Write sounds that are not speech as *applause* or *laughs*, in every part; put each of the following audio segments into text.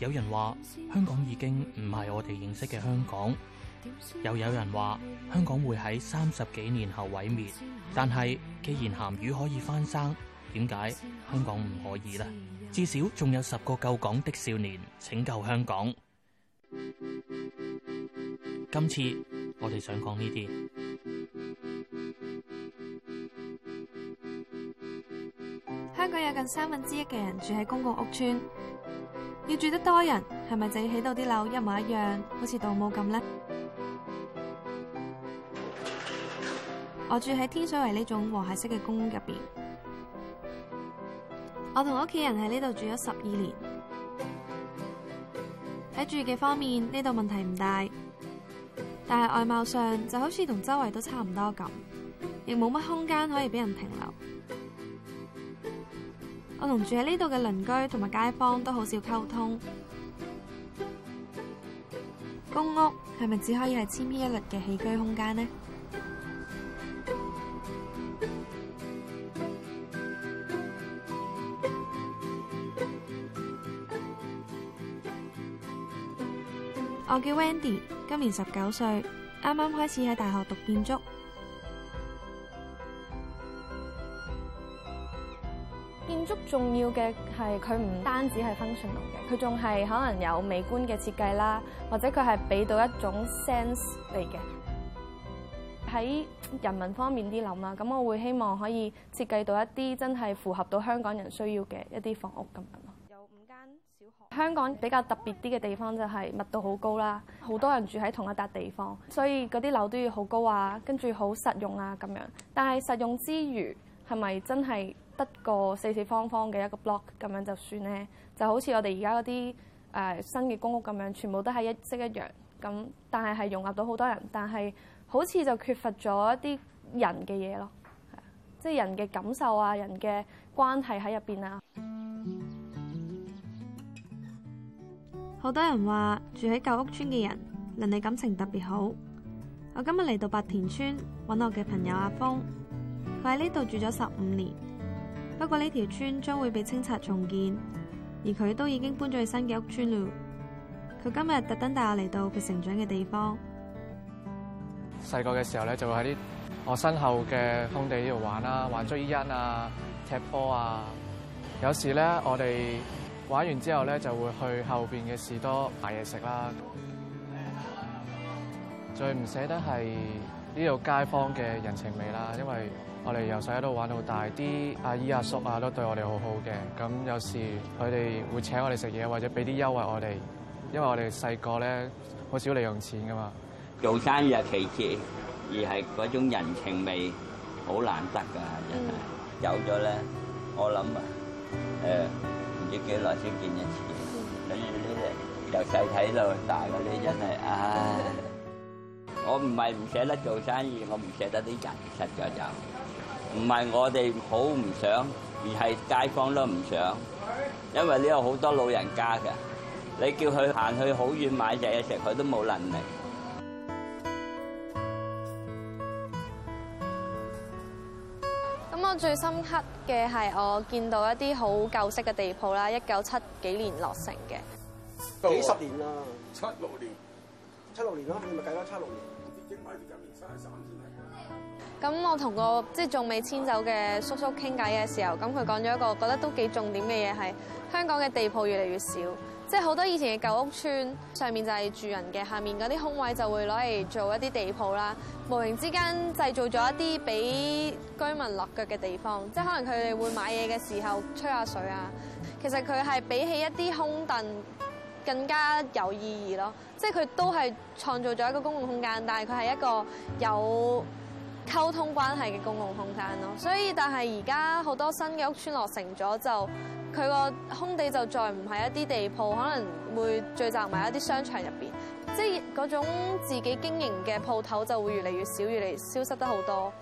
有人話香港已經唔係我哋認識嘅香港，又有人話香港會喺三十幾年後毀滅。但係既然鹹魚可以翻生，點解香港唔可以呢？至少仲有十個救港的少年拯救香港。今次我哋想講呢啲。香港有近三分之一嘅人住喺公共屋邨，要住得多人，係咪就要起到啲樓一模一樣，好似倒模咁呢？我住喺天水圍呢種和諧式嘅公屋入邊，我同屋企人喺呢度住咗十二年。喺住嘅方面，呢度問題唔大。但係外貌上就好似同周圍都差唔多咁，亦冇乜空間可以俾人停留。我同住喺呢度嘅鄰居同埋街坊都好少溝通。公屋係咪只可以係千篇一律嘅起居空間呢？我叫 Wendy。今年十九歲，啱啱開始喺大學讀建築。建築重要嘅係佢唔單止係 function 嘅，佢仲係可能有美觀嘅設計啦，或者佢係俾到一種 sense 嚟嘅。喺人民方面啲諗啦，咁我會希望可以設計到一啲真係符合到香港人需要嘅一啲房屋咁。香港比較特別啲嘅地方就係密度好高啦，好多人住喺同一笪地方，所以嗰啲樓都要好高啊，跟住好實用啊咁樣。但係實用之餘，係咪真係得個四四方方嘅一個 block 咁樣就算呢？就好似我哋而家嗰啲誒新嘅公屋咁樣，全部都係一式一樣咁，但係係融合到好多人，但係好似就缺乏咗一啲人嘅嘢咯，即係、就是、人嘅感受啊，人嘅關係喺入邊啊。好多人話，住喺舊屋邨嘅人，鄰里感情特別好。我今日嚟到白田邨揾我嘅朋友阿峰，佢喺呢度住咗十五年。不過呢條村將會被清拆重建，而佢都已經搬咗去新嘅屋邨啦。佢今日特登帶我嚟到佢成長嘅地方。細個嘅時候咧，就會喺啲我身後嘅空地呢度玩啦，玩追人啊，踢波啊。有時咧，我哋。玩完之後咧，就會去後邊嘅士多買嘢食啦。 *music* 最唔捨得係呢度街坊嘅人情味啦，因為我哋由細喺度玩到大，啲阿姨阿叔啊都對我哋好好嘅。咁有時佢哋會請我哋食嘢，或者俾啲優惠我哋，因為我哋細個咧好少利用錢噶嘛。做生意係其次，而係嗰種人情味好難得噶，真係、嗯、有咗咧，我諗誒。嗯嗯要幾耐先見一次？等於呢由細睇到大嗰啲真係唉！ *laughs* 我唔係唔捨得做生意，我唔捨得啲人，實在就唔係我哋好唔想，而係街坊都唔想，因為呢度好多老人家嘅，你叫佢行去好遠買隻嘢食，佢都冇能力。最深刻嘅係我見到一啲好舊式嘅地鋪啦，一九七幾年落成嘅，幾十年啦，七六年，七六年啦，你咪計啦，七六年。咁我同個即係仲未遷走嘅叔叔傾偈嘅時候，咁佢講咗一個我覺得都幾重點嘅嘢係香港嘅地鋪越嚟越少。即係好多以前嘅舊屋邨上面就係住人嘅，下面嗰啲空位就會攞嚟做一啲地鋪啦。無形之間製造咗一啲俾居民落腳嘅地方，即係可能佢哋會買嘢嘅時候吹下水啊。其實佢係比起一啲空凳更加有意義咯。即係佢都係創造咗一個公共空間，但係佢係一個有溝通關係嘅公共空間咯。所以但係而家好多新嘅屋邨落成咗就。佢個空地就再唔係一啲地鋪，可能會聚集埋一啲商場入邊，即係嗰種自己經營嘅鋪頭就會越嚟越少，越嚟越消失得好多。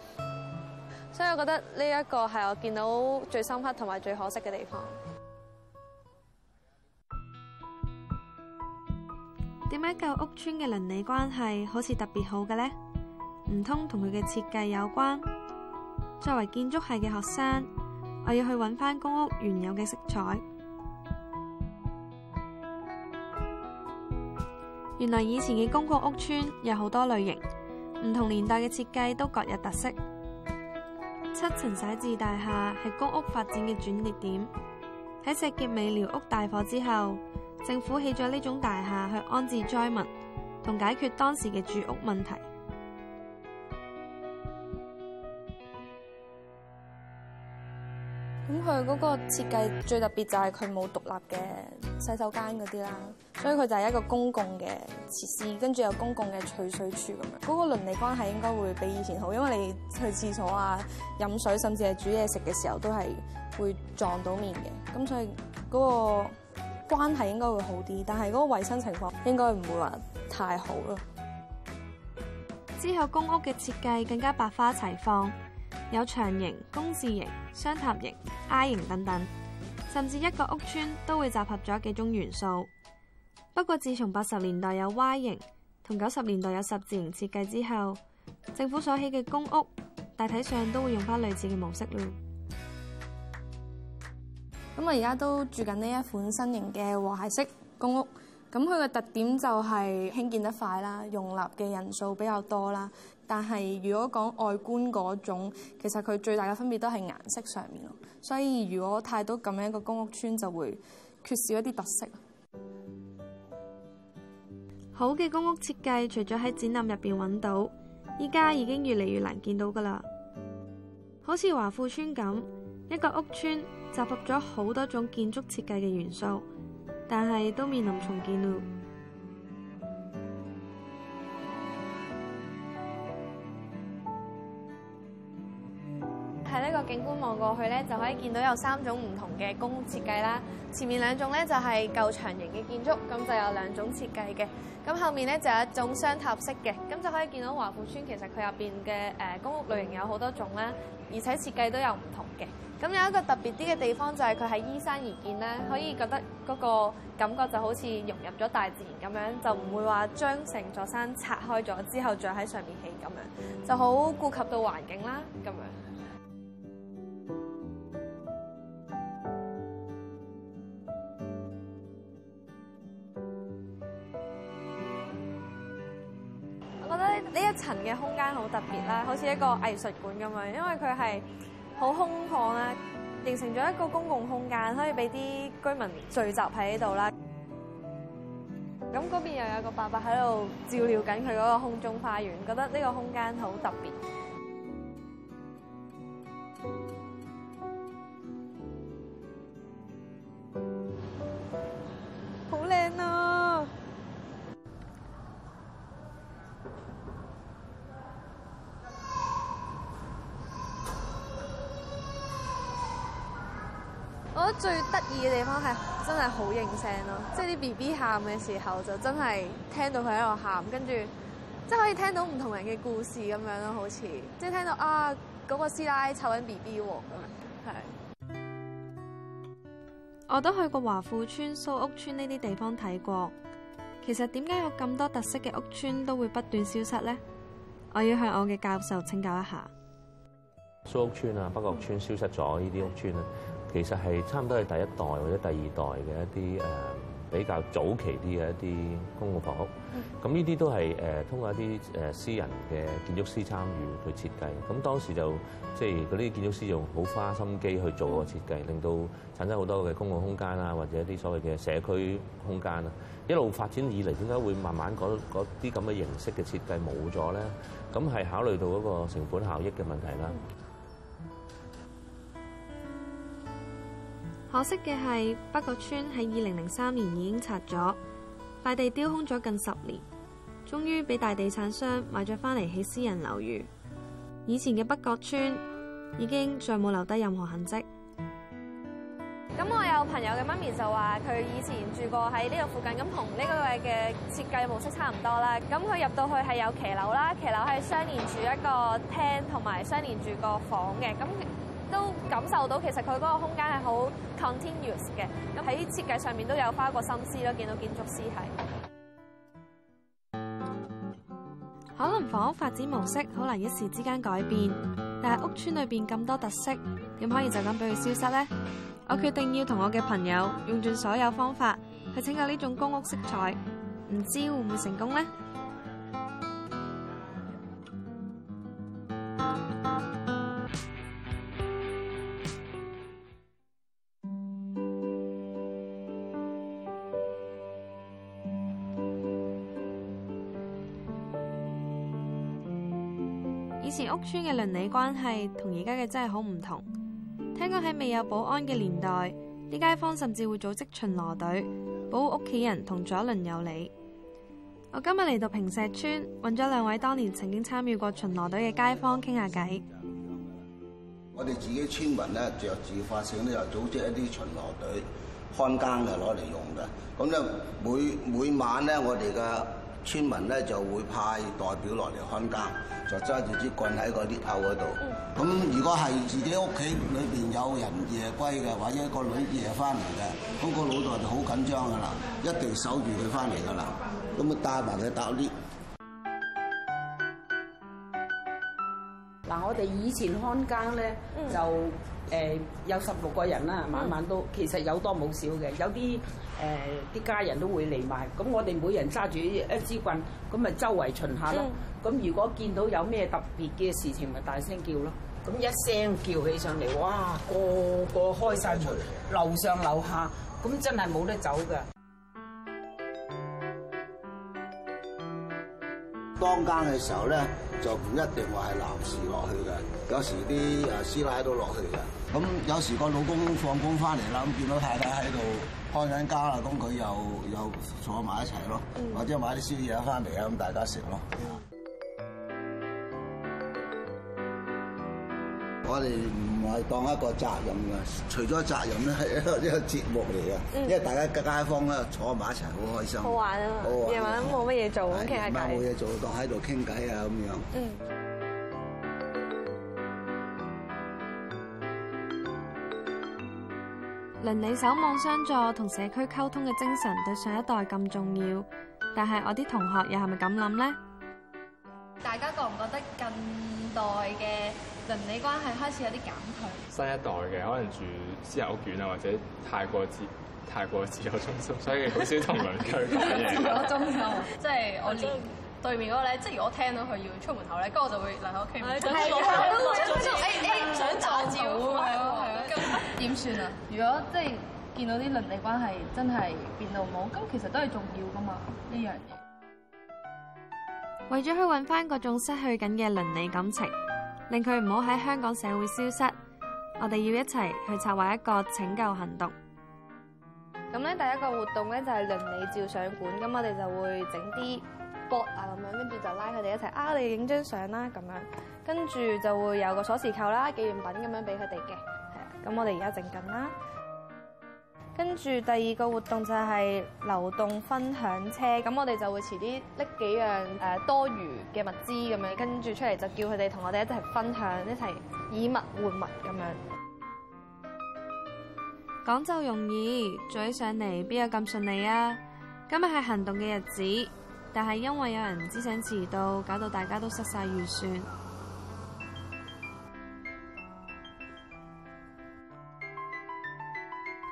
所以我覺得呢一個係我見到最深刻同埋最可惜嘅地方。點解舊屋邨嘅鄰里關係好似特別好嘅呢？唔通同佢嘅設計有關？作為建築系嘅學生。我要去揾返公屋原有嘅色彩。原來以前嘅公共屋邨有好多類型，唔同年代嘅設計都各有特色。七層徙置大廈係公屋發展嘅轉捩點。喺石硤尾寮屋大火之後，政府起咗呢種大廈去安置災民，同解決當時嘅住屋問題。佢嗰個設計最特別就係佢冇獨立嘅洗手間嗰啲啦，所以佢就係一個公共嘅設施，跟住有公共嘅取水處咁樣。嗰個鄰里關係應該會比以前好，因為你去廁所啊、飲水，甚至係煮嘢食嘅時候都係會撞到面嘅，咁所以嗰個關係應該會好啲。但係嗰個衞生情況應該唔會話太好咯。之後公屋嘅設計更加百花齊放。有長型、工字型、雙塔型、I 型等等，甚至一個屋邨都會集合咗幾種元素。不過自從八十年代有 Y 型，同九十年代有十字型設計之後，政府所起嘅公屋大體上都會用翻類似嘅模式咯。咁我而家都住緊呢一款新型嘅和諧式公屋，咁佢嘅特點就係興建得快啦，容納嘅人數比較多啦。但係如果講外觀嗰種，其實佢最大嘅分別都係顏色上面咯。所以如果太多咁樣嘅公屋邨，就會缺少一啲特色。好嘅公屋設計，除咗喺展覽入邊揾到，依家已經越嚟越難見到㗎啦。好似華富邨咁，一個屋邨集合咗好多種建築設計嘅元素，但係都面臨重建咯。景觀望過去咧，就可以見到有三種唔同嘅公屋設計啦。前面兩種咧就係舊長型嘅建築，咁就有兩種設計嘅。咁後面咧就有一種雙塔式嘅，咁就可以見到華富邨其實佢入邊嘅誒公屋類型有好多種啦，而且設計都有唔同嘅。咁有一個特別啲嘅地方就係佢係依山而建啦，可以覺得嗰個感覺就好似融入咗大自然咁樣，就唔會話將成座山拆開咗之後再喺上面起咁樣，就好顧及到環境啦咁樣。層嘅空間好特別啦，好似一個藝術館咁樣，因為佢係好空曠啦，形成咗一個公共空間，可以俾啲居民聚集喺呢度啦。咁嗰邊又有個爸爸喺度照料緊佢嗰個空中花園，覺得呢個空間好特別。最得意嘅地方係真係好應聲咯，即係啲 BB 喊嘅時候就真係聽到佢喺度喊，跟住即係可以聽到唔同人嘅故事咁樣咯，好似即係聽到啊嗰個師奶湊緊 BB 喎咁，係。我都去過華富村、蘇屋村呢啲地方睇過。其實點解有咁多特色嘅屋村都會不斷消失咧？我要向我嘅教授請教一下。蘇屋村啊，北角村消失咗呢啲屋村啊。其實係差唔多係第一代或者第二代嘅一啲誒比較早期啲嘅一啲公共房屋，咁呢啲都係誒通過一啲誒私人嘅建築師參與去設計，咁當時就即係嗰啲建築師用好花心機去做個設計，令到產生好多嘅公共空間啊，或者一啲所謂嘅社區空間啊，一路發展以嚟點解會慢慢嗰啲咁嘅形式嘅設計冇咗咧？咁係考慮到嗰個成本效益嘅問題啦。可惜嘅係北角邨喺二零零三年已經拆咗，塊地丟空咗近十年，終於俾大地產商買咗翻嚟起私人樓宇。以前嘅北角邨已經再冇留低任何痕跡。咁我有朋友嘅媽咪就話佢以前住過喺呢度附近，咁同呢個嘅設計模式差唔多啦。咁佢入到去係有騎樓啦，騎樓係相連住一個廳，同埋相連住個房嘅。咁都感受到其實佢嗰個空間係好 continuous 嘅，咁喺設計上面都有花過心思咯。見到建築師係可能房屋發展模式好難一時之間改變，但係屋村裏邊咁多特色，點可以就咁俾佢消失呢？我決定要同我嘅朋友用盡所有方法去拯救呢種公屋色彩，唔知會唔會成功呢？村嘅鄰里關係同而家嘅真係好唔同。聽過喺未有保安嘅年代，啲街坊甚至會組織巡邏隊，保護屋企人同左鄰右里。我今日嚟到坪石邨，揾咗兩位當年曾經參與過巡邏隊嘅街坊傾下偈。我哋自己村民呢，就自發性呢，又組織一啲巡邏隊看更嘅，攞嚟用嘅。咁就每每晚呢，我哋嘅村民咧就會派代表落嚟看監，就揸住支棍喺個獵口度。咁如果係自己屋企裏邊有人夜歸嘅，或者一個女夜翻嚟嘅，咁個老豆就好緊張噶啦，一定守住佢翻嚟噶啦。咁啊帶埋佢搭 lift 嗱，我哋以前看更咧，就誒有十六個人啦，晚晚都其實有多冇少嘅，有啲誒啲家人都會嚟埋，咁我哋每人揸住一支棍，咁咪周圍巡下咯。咁如果見到有咩特別嘅事情，咪大聲叫咯。咁一聲叫起上嚟，哇，個個開曬出嚟，樓上樓下，咁真係冇得走㗎。當更嘅時候咧。就唔一定話係男士落去嘅，有時啲啊師奶喺度落去嘅。咁有時個老公放工翻嚟啦，咁見到太太喺度看緊家啦，咁佢又又坐埋一齊咯，或者買啲宵夜翻嚟啊，咁大家食咯。Yeah. 我哋唔係當一個責任嘅，除咗責任咧係一個一個節目嚟嘅，嗯、因為大家街坊咧坐埋一齊好開心。好玩啊！夜、啊、晚冇乜嘢做，傾下偈。夜晚冇嘢做，聊聊當喺度傾偈啊咁樣。嗯。鄰里守望相助同社區溝通嘅精神對上一代咁重要，但係我啲同學又係咪咁諗咧？大家覺唔覺得近代嘅？鄰里關係開始有啲減退。新一代嘅可能住私人屋苑啊，或者太過自太過自由中心，所以好少同鄰居講嘢。自由中心，即係我連對面嗰個咧，即係如果聽到佢要出門口咧，咁我就會留喺屋企。係係，想拍照咁樣，點算啊？如果即係見到啲鄰里關係真係變到冇，咁其實都係重要㗎嘛呢樣嘢。為咗去揾翻嗰種失去緊嘅鄰里感情。令佢唔好喺香港社會消失，我哋要一齊去策劃一個拯救行動。咁咧，第一個活動咧就係倫理照相館，咁我哋就會整啲 bot 啊咁樣，跟住就拉佢哋一齊啊，你影張相啦咁樣，跟住就會有個鎖匙扣啦、紀念品咁樣俾佢哋嘅。係啊，咁我哋而家整緊啦。跟住第二個活動就係流動分享車，咁我哋就會遲啲拎幾樣誒多餘嘅物資咁樣，跟住出嚟，就叫佢哋同我哋一齊分享，一齊以物換物咁樣。講就容易，做起上嚟邊有咁順利啊！今日係行動嘅日子，但係因為有人唔知想遲到，搞到大家都失晒預算。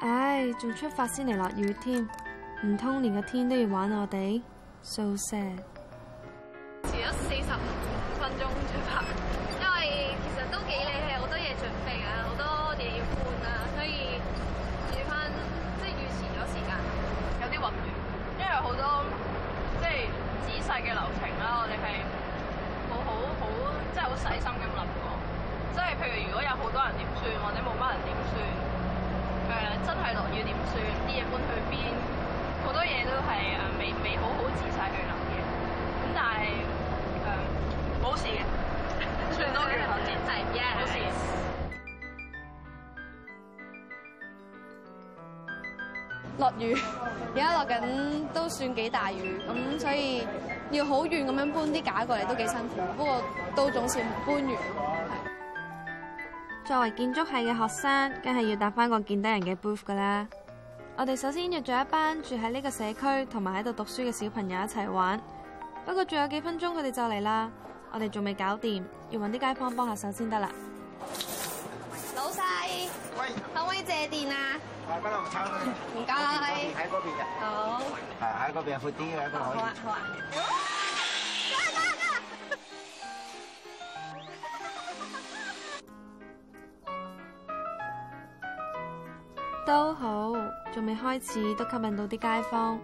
唉，仲出發先嚟落雨添，唔通連個天都要玩我哋？So sad。遲咗四十五分鐘出發，因為其實都幾你係好多嘢準備啊，好多嘢要搬啊，所以預翻即係預遲咗時間，有啲混亂，因為好多即係、就是、仔細嘅流程啦，我哋係好好好即係好細心咁諗過，即、就、係、是、譬如如果有好多人點算，或者冇乜人點算。誒、嗯、真係落雨點算？啲嘢搬去邊？好多嘢都係誒、啊、未未好好仔細去諗嘅。咁但係誒冇事嘅，最多嘅就節制，冇 *laughs* Yeah, 事。落雨，而家落緊都算幾大雨，咁所以要好遠咁樣搬啲架過嚟都幾辛苦，不過都總算搬完。作為建築系嘅學生，梗係要搭翻個見得人嘅 booth 噶啦。我哋首先約咗一班住喺呢個社區同埋喺度讀書嘅小朋友一齊玩。不過仲有幾分鐘佢哋就嚟啦，我哋仲未搞掂，要搵啲街坊幫下手先得啦。老細闆，喂，可唔可以借電啊？唔該。 *laughs* 唔該謝。喺嗰邊嘅。邊好。喺嗰邊闊啲好啊，好啊。好好好都好，仲未開始都吸引到啲街坊。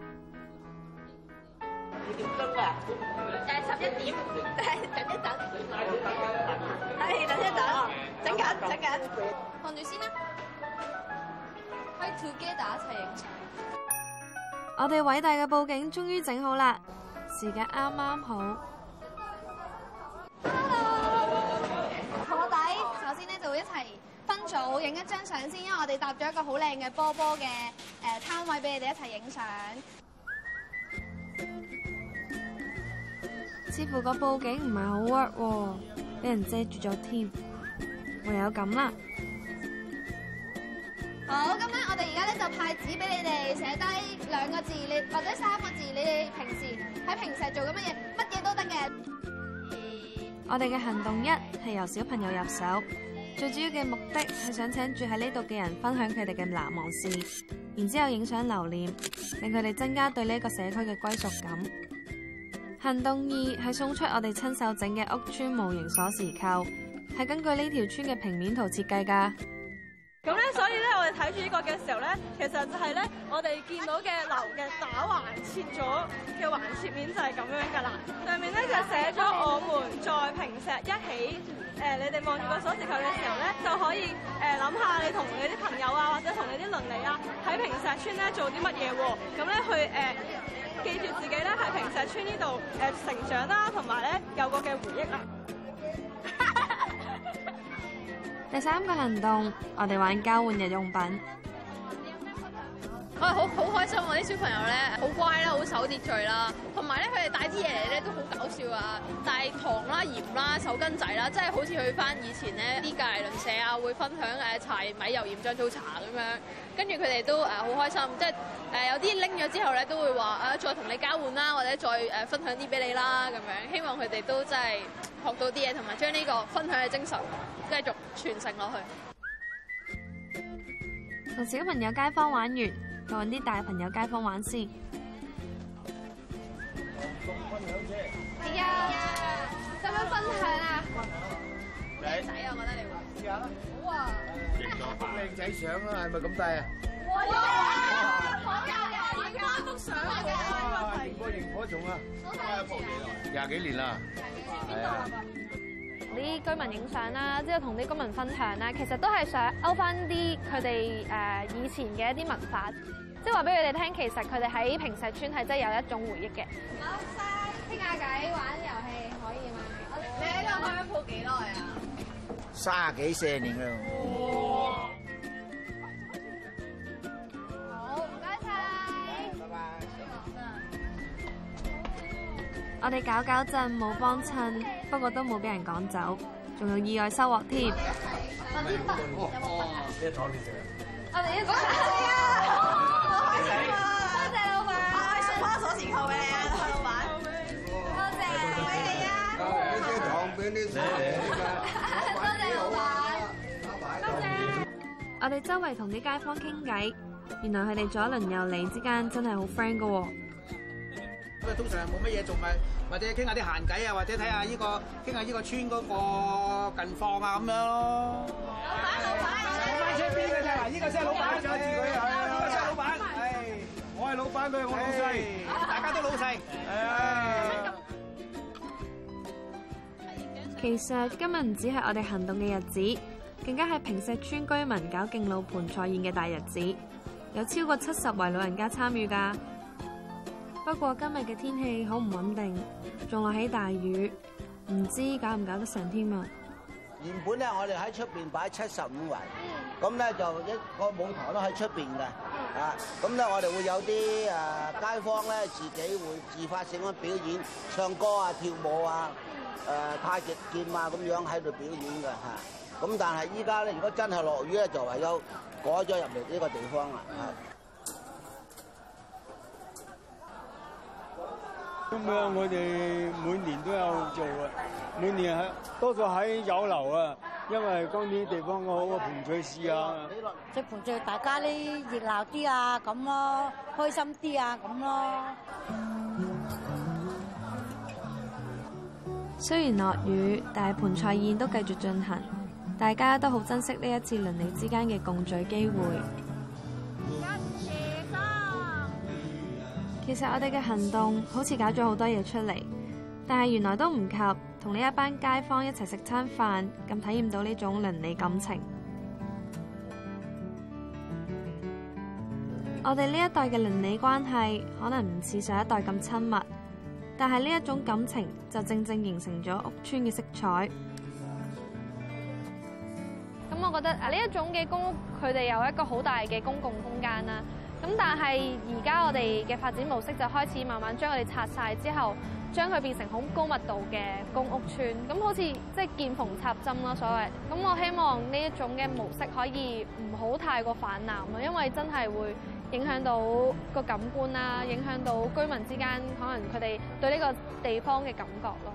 幾點鐘啊？誒，十一點，等一等，誒，等一等，整緊整緊，望住先啦。開拖機打七，我哋偉大嘅布景終於整好啦，時間啱啱好。影一張相先，因為我哋搭咗一個好靚嘅波波嘅、誒攤位，俾你哋一齊影相。似乎個布景唔係好 work，俾人遮住咗添。唯有咁啦。好，今晚我哋而家咧就派紙俾你哋寫低兩個字，你或者三個字，你哋平時喺平時做緊乜嘢，乜嘢都得嘅。我哋嘅行動一係由小朋友入手。最主要嘅目的係想請住喺呢度嘅人分享佢哋嘅難忘事，然之後影相留念，令佢哋增加對呢個社區嘅歸屬感。行動二係送出我哋親手整嘅屋邨模型鎖匙扣，係根據呢條村嘅平面圖設計㗎。咁咧，所以咧，我哋睇住呢個嘅時候咧，其實就係咧，我哋見到嘅樓嘅打橫切咗嘅橫切面就係咁樣噶啦。上面咧就寫咗我們在坪石一起誒、呃，你哋望住個鎖匙扣嘅時候咧，就可以誒諗、呃、下你同你啲朋友啊，或者同你啲鄰里啊，喺坪石邨咧做啲乜嘢喎？咁咧去誒、呃、記住自己咧喺坪石邨呢度誒成長啦、啊，同埋咧有個嘅回憶啊！第三個行動，我哋玩交換日用品。我係、哎、好好開心我啲小朋友咧，好乖啦，好守秩序啦，同埋咧佢哋帶啲嘢嚟咧都好搞笑啊！帶糖啦、鹽啦、手巾仔啦，即係好似去返以前咧啲隔離鄰舍啊，會分享誒柴米油鹽、醬醋茶咁樣。跟住佢哋都誒好開心，即係誒有啲拎咗之後咧都會話啊，再同你交換啦，或者再誒分享啲俾你啦咁樣。希望佢哋都真係學到啲嘢，同埋將呢個分享嘅精神。繼續傳承落去，同小朋友街坊玩完，再啲大朋友街坊玩先、嗯。同分享啫，係啊，使唔使分享啊，靚仔啊，我覺得你話，好啊、哎呀，影多啲靚仔相啊，係咪咁大啊？我要啊，我家人都上啊，越過越火種啊，都係一鋪嘢，廿幾年啦，係啊。啲居民影相啦，之後同啲居民分享啦，其實都係想勾翻啲佢哋誒以前嘅一啲文化，即係話俾佢哋聽，其實佢哋喺平石村係真係有一種回憶嘅。冇嘥，傾下偈，玩遊戲可以嗎？你喺度開鋪幾耐啊？卅幾四年咯。哇。好，唔該晒，拜拜。哦、我哋搞搞震，冇幫襯。看你 不過都冇俾人趕走，仲有意外收穫添。我哋要講係啊！好開心啊！多謝老闆。係熟花鎖匙號未啊？老闆。多謝你啊！你講邊啲？多謝老闆。多謝。我哋周圍同啲街坊傾偈，原來佢哋左鄰右里之間真係好 friend 噶喎。通常係冇乜嘢做，咪或者傾下啲閒偈啊，或者睇下呢個傾下呢個村嗰個近況啊，咁樣咯。老闆，老闆，我買車邊嘅啫，嗱，呢個先係老闆，自己係，呢個先係老闆。唉，我係老闆，佢係我老細，大家都老細，係啊。其實今日唔止係我哋行動嘅日子，更加係坪石邨居民搞敬老盆菜宴嘅大日子，有超過七十位老人家參與㗎。不過今日嘅天氣好唔穩定，仲落起大雨，唔知搞唔搞得成添啊！原本咧我哋喺出邊擺七十五圍，咁咧就一個舞台都喺出邊嘅，啊，咁咧我哋會有啲誒、呃、街坊咧自己會自發性咁表演，唱歌啊、跳舞啊、誒、呃、太極劍啊咁樣喺度表演嘅，吓、啊。咁但係依家咧，如果真係落雨咧，就唯有改咗入嚟呢個地方啦，啊。咁樣我哋每年都有做啊，每年喺多數喺酒樓啊，因為嗰啲地方好啊，盆菜市啊，即係盆菜，大家呢，熱鬧啲啊，咁咯，開心啲啊，咁咯。雖然落雨，但係盆菜宴都繼續進行，大家都好珍惜呢一次鄰里之間嘅共聚機會。其實我哋嘅行動好似搞咗好多嘢出嚟，但係原來都唔及同呢一班街坊一齊食餐飯咁體驗到呢種鄰里感情。 *music* 我哋呢一代嘅鄰里關係可能唔似上一代咁親密，但係呢一種感情就正正形成咗屋邨嘅色彩。咁、嗯、我覺得、啊、呢一種嘅公屋，佢哋有一個好大嘅公共空間啦。咁但係而家我哋嘅發展模式就開始慢慢將我哋拆晒之後，將佢變成好高密度嘅公屋邨，咁好似即係見縫插針咯，所謂。咁我希望呢一種嘅模式可以唔好太過泛濫咯，因為真係會影響到個感官啦，影響到居民之間可能佢哋對呢個地方嘅感覺咯。